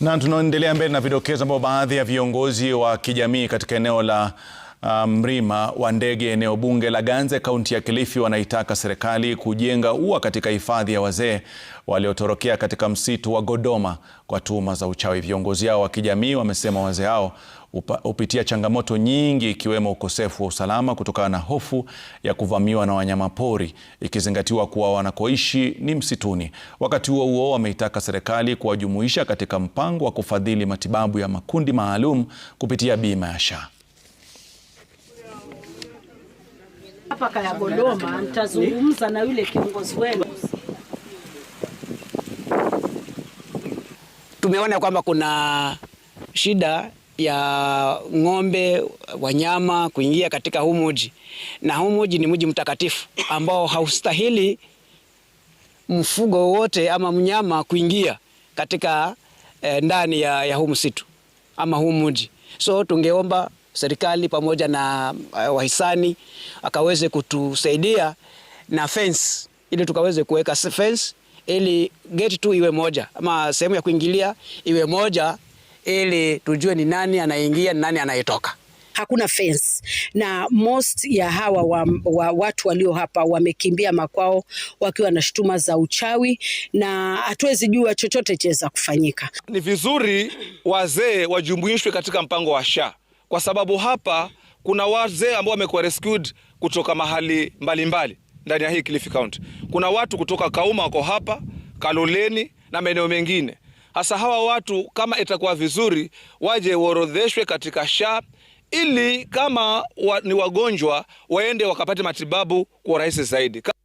Na tunaendelea mbele na vidokezo ambao baadhi ya viongozi wa kijamii katika eneo la Uh, mrima wa ndege eneo bunge la Ganze kaunti ya Kilifi wanaitaka serikali kujenga ua katika hifadhi ya wazee waliotorokea katika msitu wa Godoma kwa tuhuma za uchawi. Viongozi hao wa kijamii wamesema wazee hao hupitia changamoto nyingi ikiwemo ukosefu wa usalama kutokana na hofu ya kuvamiwa na wanyamapori ikizingatiwa kuwa wanakoishi ni msituni. Wakati huo huo, wameitaka serikali kuwajumuisha katika mpango wa kufadhili matibabu ya makundi maalum kupitia bima ya SHA. hapa kaya Godoma, mtazungumza na yule kiongozi wenu. Tumeona kwamba kuna shida ya ng'ombe wanyama kuingia katika huu muji na huu muji ni mji mtakatifu ambao haustahili mfugo wote ama mnyama kuingia katika eh, ndani ya, ya huu msitu ama huu muji so tungeomba serikali pamoja na uh, wahisani akaweze kutusaidia na fence ili tukaweze kuweka fence ili gate tu iwe moja ama sehemu ya kuingilia iwe moja ili tujue ni nani anaingia ni nani anayetoka. Hakuna fence na most ya hawa wa, wa, watu walio hapa wamekimbia makwao wakiwa na shutuma za uchawi na hatuwezi jua chochote chaweza kufanyika. Ni vizuri wazee wajumuishwe katika mpango wa SHA kwa sababu hapa kuna wazee ambao wamekuwa rescued kutoka mahali mbalimbali ndani ya hii Kilifi County. Kuna watu kutoka Kauma wako hapa, Kaloleni na maeneo mengine. Hasa hawa watu kama itakuwa vizuri waje waorodheshwe katika SHA ili kama wa, ni wagonjwa waende wakapate matibabu kwa urahisi zaidi.